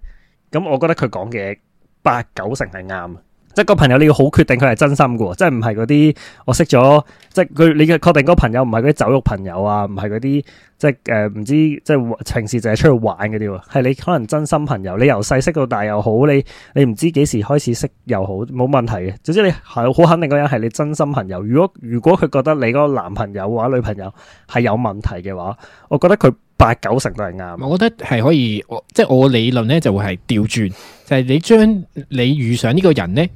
咁我覺得佢講嘅八九成係啱。即係個朋友你要好，決定你確定佢係真心嘅喎，即係唔係嗰啲我識咗，即係佢你嘅確定嗰個朋友唔係嗰啲酒肉朋友啊，唔係嗰啲即係誒唔知即係情事淨係出去玩嗰啲喎，係你可能真心朋友，你由細識到大又好，你你唔知幾時開始識又好，冇問題嘅。總之你係好肯定嗰人係你真心朋友。如果如果佢覺得你嗰個男朋友或女朋友係有問題嘅話，我覺得佢八九成都係啱。我覺得係可以，即係我理論咧就會係調轉，就係、是、你將你遇上呢個人咧。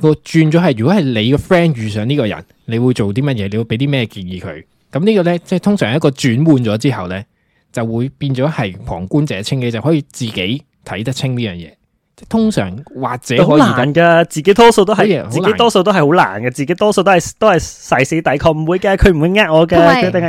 個轉咗係，如果係你個 friend 遇上呢個人，你會做啲乜嘢？你會俾啲咩建議佢？咁呢個咧，即係通常一個轉換咗之後咧，就會變咗係旁觀者清嘅，就可以自己睇得清呢樣嘢。即係通常或者好難噶，自己多數都係，自己多數都係好難嘅，自己多數都係都係誓死抵抗唔會嘅，佢唔會呃我嘅，定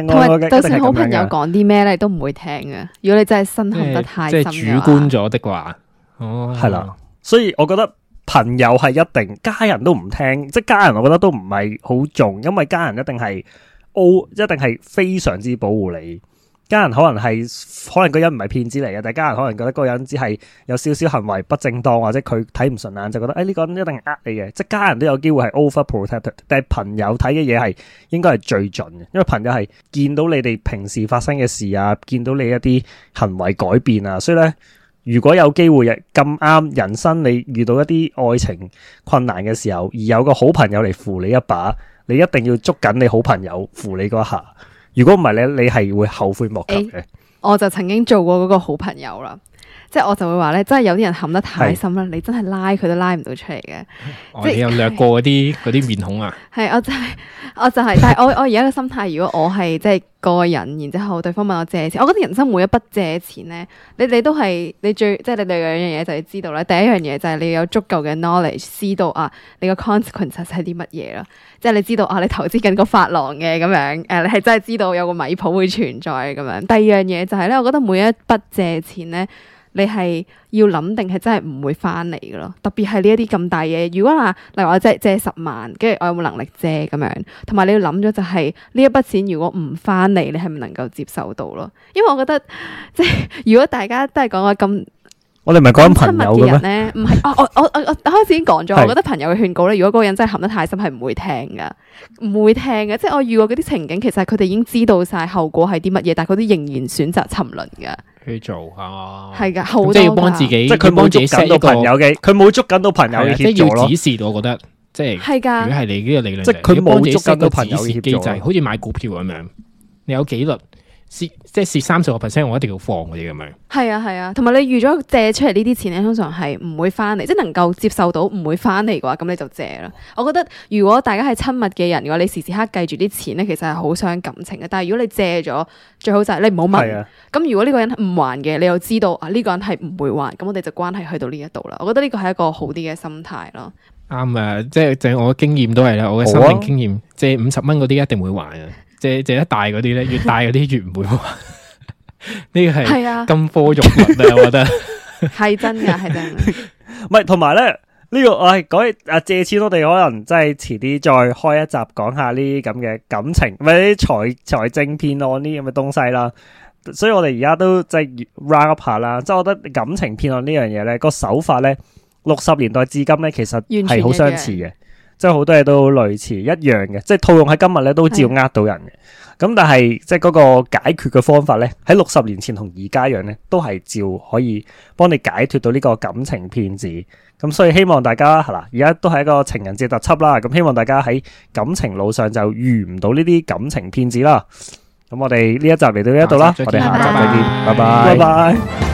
係好朋友講啲咩咧都唔會聽嘅。如果你真係身陷得太即係主觀咗的話，哦、嗯，係啦，所以我覺得。朋友係一定，家人都唔聽，即係家人，我覺得都唔係好重，因為家人一定係一定係非常之保護你。家人可能係，可能嗰人唔係騙子嚟嘅，但係家人可能覺得嗰個人只係有少少行為不正當，或者佢睇唔順眼，就覺得誒呢、哎這個人一定係呃你嘅，即係家人都有機會係 overprotected 但係朋友睇嘅嘢係應該係最準嘅，因為朋友係見到你哋平時發生嘅事啊，見到你一啲行為改變啊，所以呢。如果有機會，咁啱人生你遇到一啲愛情困難嘅時候，而有個好朋友嚟扶你一把，你一定要捉緊你好朋友扶你嗰下。如果唔係咧，你係會後悔莫及嘅。欸，我就曾經做過嗰個好朋友啦。即係我就會話咧，真係有啲人陷得太深啦，是你真係拉佢都拉唔到出嚟嘅、哦。你有掠過嗰啲啲面孔啊？係，我就係、是，我就係、是，但係我我而家嘅心態，如果我係即係個人，然之後對方問我借錢，我覺得人生每一筆借錢咧，你你都係你最即係你兩樣嘢就要知道咧。第一樣嘢就係你要有足夠嘅 knowledge，知道啊你個 consequence 係啲乜嘢咯。即係你知道啊，你投資緊個髮廊嘅咁樣，誒，你係真係知道有個米鋪會存在咁樣。第二樣嘢就係、是、咧，我覺得每一筆借錢咧。你係要諗定係真係唔會翻嚟嘅咯，特別係呢一啲咁大嘢。如果話，例如話借借十萬，跟住我有冇能力借咁樣，同埋你要諗咗就係、是、呢一筆錢如果唔翻嚟，你係唔能夠接受到咯？因為我覺得即係如果大家都係講話咁。我哋唔係講緊朋友嘅人咩？唔係， 我我我我開始已經講咗。 是我覺得朋友嘅勸告咧，如果嗰個人真係陷得太深，係唔會聽噶，唔會聽嘅。即、就、係、是、我遇過嗰啲情景，其實佢哋已經知道晒後果係啲乜嘢，但係佢都仍然選擇沉淪噶。去做啊，係噶，即係要幫自己，即係佢冇捉緊到朋友嘅，佢冇捉緊到朋友嘅協助，即係要指示，我覺得即係係噶。的如果係你呢個理論，即係佢冇捉緊到朋友嘅指示機制，的好似買股票咁樣，嗯、你有紀律。即係蝕三十個 percent，我一定要放嗰啲咁樣。係啊係啊，同埋、啊、你預咗借出嚟呢啲錢咧，通常係唔會翻嚟，即係能夠接受到唔會翻嚟嘅話，咁你就借啦。我覺得如果大家係親密嘅人嘅話，你時時刻記住啲錢咧，其實係好傷感情嘅。但係如果你借咗，最好就係你唔好問。咁、啊、如果呢個人唔還嘅，你又知道啊呢、這個人係唔會還，咁我哋就關係去到呢一度啦。我覺得呢個係一個好啲嘅心態咯。啱啊，即係借我經驗都係啦，我嘅生命經驗、啊、借五十蚊嗰啲一定會還啊。借借得大嗰啲咧，越大嗰啲越唔會喎，呢個係金科玉律啊！ 我覺得係 真噶，係真。唔係同埋咧，呢、這個我係講啊借錢，我哋可能真係遲啲再開一集講下呢啲咁嘅感情，唔係啲財財政騙案呢啲咁嘅東西啦。所以我哋而家都即係 round up 下啦。即、就、係、是、我覺得感情騙案呢樣嘢咧，那個手法咧，六十年代至今咧，其實係好相似嘅。完全 即係好多嘢都類似一樣嘅，即係套用喺今日咧都照呃到人嘅。咁是的 但係即係嗰個解決嘅方法咧，喺六十年前同而家一樣咧都係照可以幫你解決到呢個感情騙子。咁所以希望大家係啦，而家都係一個情人節特輯啦。咁希望大家喺感情路上就遇唔到呢啲感情騙子啦。咁我哋呢一集嚟到呢一度啦，我哋下集再見，拜拜。拜拜拜拜